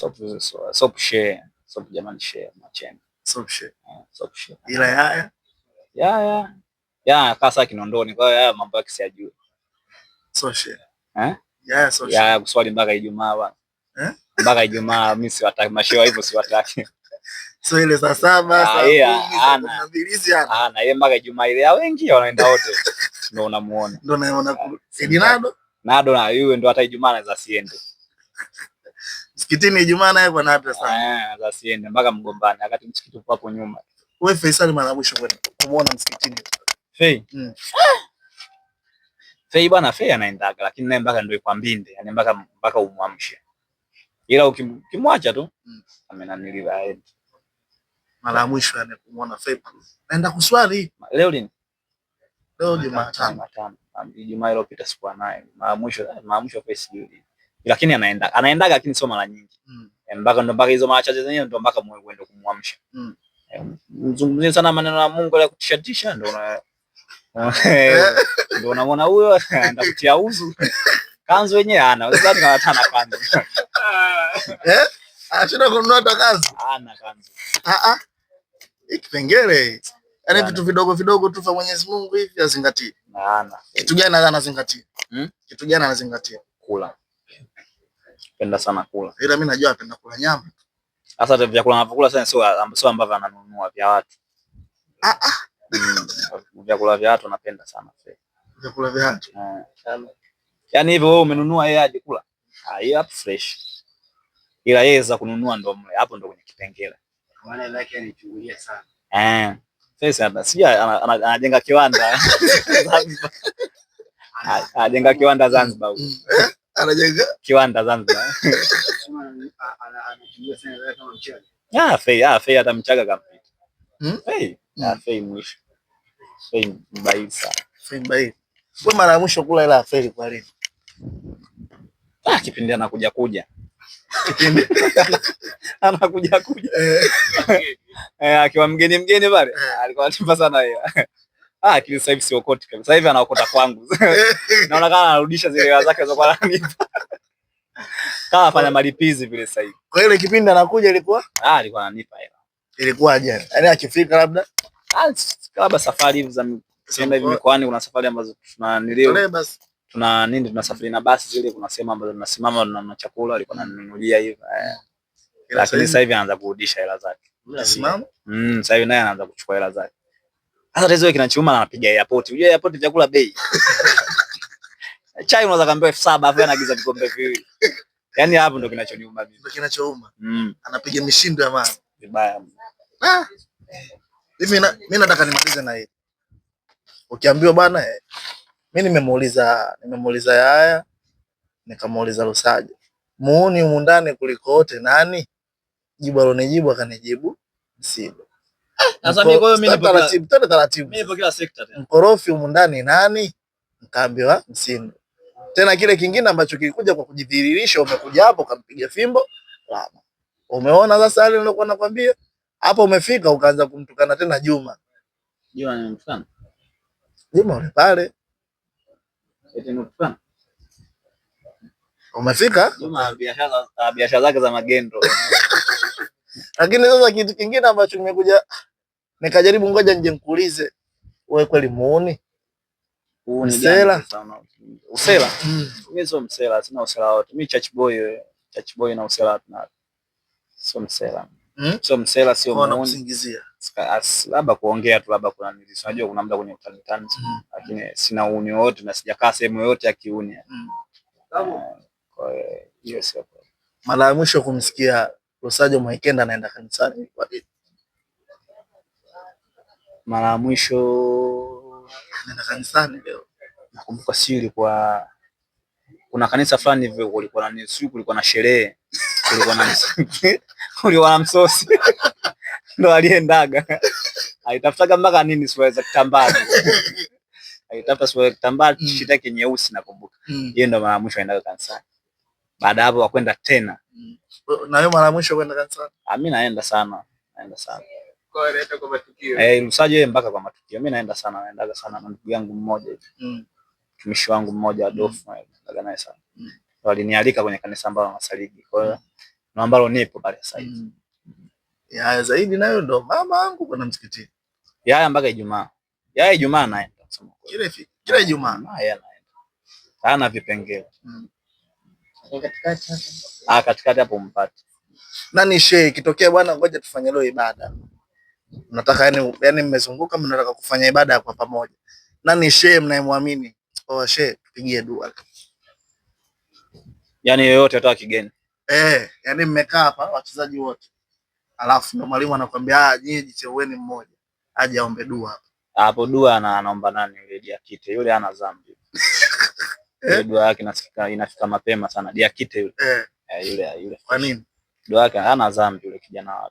Sopu, sopu, share. jamani share, macheni. share. Eh, share. Ila yaya? Yaya. Yaya kasa Kinondoni, kwa hiyo yaya mambo yake siyajui. share. Eh? Yaya share. Yaya kuswali mpaka Ijumaa bwana. Eh? Mpaka Ijumaa mimi siwataki mashewa hivyo siwataki. So ile saa saba, ah, saa mbili ana yeye mpaka Ijumaa ile ya wengi wanaenda wote. Ndio unamuona. Ndio unaona. Ah, Nado na yeye ndio hata Ijumaa anaweza siende msikitini Ijumaa naye kwa hapa sana. Eh, ah, asiende mpaka mgombane. Wakati msikiti upo hapo nyuma. Wewe Faisal mara mwisho kumuona msikitini. Fei. Mm. Fei bwana Fei anaendaga lakini naye mpaka ndio kwa mbinde, yani mpaka mpaka umwamshe. Ila ukimwacha tu mm. amenaniliwa aende. Mara mwisho anamuona Fei. Naenda kuswali. Leo lini? Leo Jumatano. Ijumaa iliyopita sikuwa naye. Mara mwisho mara mwisho Fei sijui lakini anaenda anaenda, lakini sio mara nyingi mm. Eh, mpaka ndo mpaka hizo mara chache zenyewe ndo mpaka mwende kumwamsha mm. Eh, mzungumzie sana maneno ya Mungu ya kutishatisha, ndo una eh. ndo unamwona huyo anaenda kutia uzu kanzu wenyewe ana usitaki kama tana kanzu eh, ashinda kununua hata kanzu, ana kanzu a ah, a ah. ikipengele yani vitu vidogo vidogo tu vya Mwenyezi Mungu hivi azingatie. Maana kitu gani anazingatia? Hmm? Kitu gani anazingatia? Kula anapenda sana kula, ila mimi najua anapenda kula nyama. Sasa hata vyakula anavyokula sasa sio sio ambavyo ananunua vya watu. Ah ah, mm, vyakula vya watu anapenda sana sasa, vyakula vya watu mm. yaani hivyo wewe umenunua yeye aje kula? Ah, yeye hapo fresh, ila yeye za kununua ndo mle. hapo ndo kwenye kipengele. Maana yake anichungulia sana eh. Sasa hapa sija anajenga kiwanda anajenga kiwanda Zanzibar anajenga kiwanda Zanzibar. Ah, fei, ah, fei hata Mchaga kampita. Hmm? Fei, hmm. ah, fei mwisho. Fei mbai sana. Fei mbai. Wewe mara mwisho kula ila fei kwa lini? Ah, kipindi anakuja kuja. Kipindi anakuja kuja. Eh. eh, akiwa mgeni mgeni pale. Eh. Alikuwa atipa sana yeye. Ah, akili sasa hivi siokoti kabisa. Sasa hivi anaokota kwangu. Naona kama anarudisha zile hela zake zokuwa ananipa. Kama afanya malipizi vile sasa hivi. Kwa hiyo ile kipindi anakuja ilikuwa? Ah, alikuwa ananipa hela. Ilikuwa jana. Yaani akifika labda ah, labda safari hivi za sema hivi mikoani kuna safari ambazo tunanilio. Tuna nini tunasafiri na basi zile kuna sema ambazo tunasimama na chakula alikuwa ananinunulia hivi. Eh. Lakini sasa hivi anaanza kurudisha hela zake. Unasimama? Mm, sasa hivi naye anaanza kuchukua hela zake. Sasa Tezo kinachuma anapiga airport. Unajua airport chakula bei. Chai unaweza kaambiwa elfu saba afu anaagiza vikombe viwili. Yaani hapo ndo kinachoniuma mimi. Ndio kinachouma. Mm. Anapiga mishindo ya mama. Vibaya. Ah. Mimi na mimi nataka nimalize na yeye. Ukiambiwa bana eh, mimi nimemuuliza nimemuuliza Yaya nikamuuliza Lusaja. Muuni humu kuliko wote nani? Jibu alonijibu akanijibu Msido taratibu mkorofi humu ndani nani? Mkambi wa Msindo. Tena kile kingine ambacho kilikuja kwa kujidhihirisha, umekuja hapo ukampiga fimbo lama. Umeona sasa yale nilokuwa nakwambia hapo, umefika ukaanza kumtukana tena Juma. Juma ni mtukana? Juma ule pale, umefika biashara zake za magendo. Lakini sasa kitu kingine ambacho kimekuja nikajaribu, ngoja nje nikuulize wewe, kweli muuni msela? Usela mm. mimi sio msela, sina usela wote mimi, church boy. Wewe church boy na usela tuna, sio msela hmm? sio msela, sio muuni, labda kuongea tu, labda kuna nilisi, unajua kuna muda kwenye utani tani, mm. lakini sina uuni wote na sijakaa sehemu yote ya kiuni. Mm. Kwa hiyo sio mara ya mwisho kumsikia Rosajo Mwaikenda anaenda kanisani kwa nini? mara ya mwisho nenda kanisani leo, nakumbuka si ilikuwa kuna kanisa fulani hivyo, kulikuwa na siku, kulikuwa na sherehe, kulikuwa na kulikuwa na msosi ndo aliendaga, alitafutaga mpaka nini, siweza za kitambaa alitafuta siweza za mm. shida yake nyeusi, nakumbuka mm. yeye ndo mara mwisho aendaga kanisani. Baada hapo wakwenda tena. mm. Na hiyo mara mwisho kwenda kanisani, mimi ah, naenda sana, naenda sana Lusajo eh, mpaka kwa matukio. Mimi naenda sana, naendaga sana na ndugu yangu mmoja hivi, mm. mtumishi wangu mmoja Adolfu, mm. naendaga naye sana. Mm. Walinialika kwenye kanisa ambalo nasaliji, kwa hiyo na ambalo nipo pale sasa hivi. Yaya zaidi nayo ndo mama yangu kwa msikitini. Yaya mpaka Ijumaa. Yaya Ijumaa naenda kusema kweli. Kila kila Ijumaa naenda. Ana vipengele. Katikati hapo ah, mpate. Nani shehe, ikitokea bwana, ngoja tufanye leo ibada. Nataka yani, yani mmezunguka mnataka kufanya ibada kwa pamoja. Nani shehe mnayemwamini? Kwa oh, shehe tupigie dua. Yani yoyote hata kigeni. Eh, yani mmekaa hapa wachezaji wote. Alafu ndo mwalimu anakuambia ah, nyinyi jicheueni mmoja. Aje aombe dua hapa. Hapo dua anaomba nani yule Diakite? Yule ana dhambi. Yule dua yake inafika inafika mapema sana Diakite yule. Eh. eh yule yule. Kwa nini? Dua yake ana dhambi yule kijana wa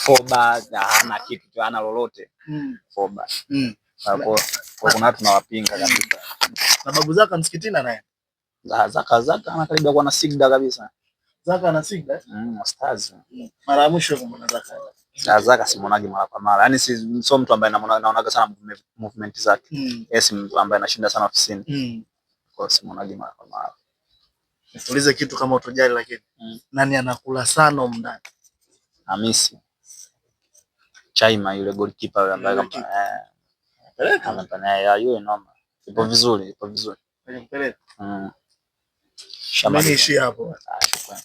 foba na hana kitu hana lolote mm. foba mm. Kwa, kwa kwa kuna watu nawapinga mm. kabisa. Na babu zaka msikitini naye zaka zaka ana anakaribia kuwa na sigda kabisa. Zaka na sigda mm, stars mm. mara mwisho kumwona zaka zaka, zaka simuonagi mara kwa mara, yani si so mtu ambaye naonaga sana movement zake mm. yes, mtu ambaye anashinda sana ofisini mm. kwa simuonagi mara kwa mara. Nitulize kitu kama utojali, lakini mm. nani anakula sana mndani Hamisi Chaima yule goalkeeper yule ambaye kama eh, amepeleka naye eh, yule noma. Ipo eh. vizuri, ipo vizuri. Peleka. Mm. Shamba. hapo. Ah, shukrani.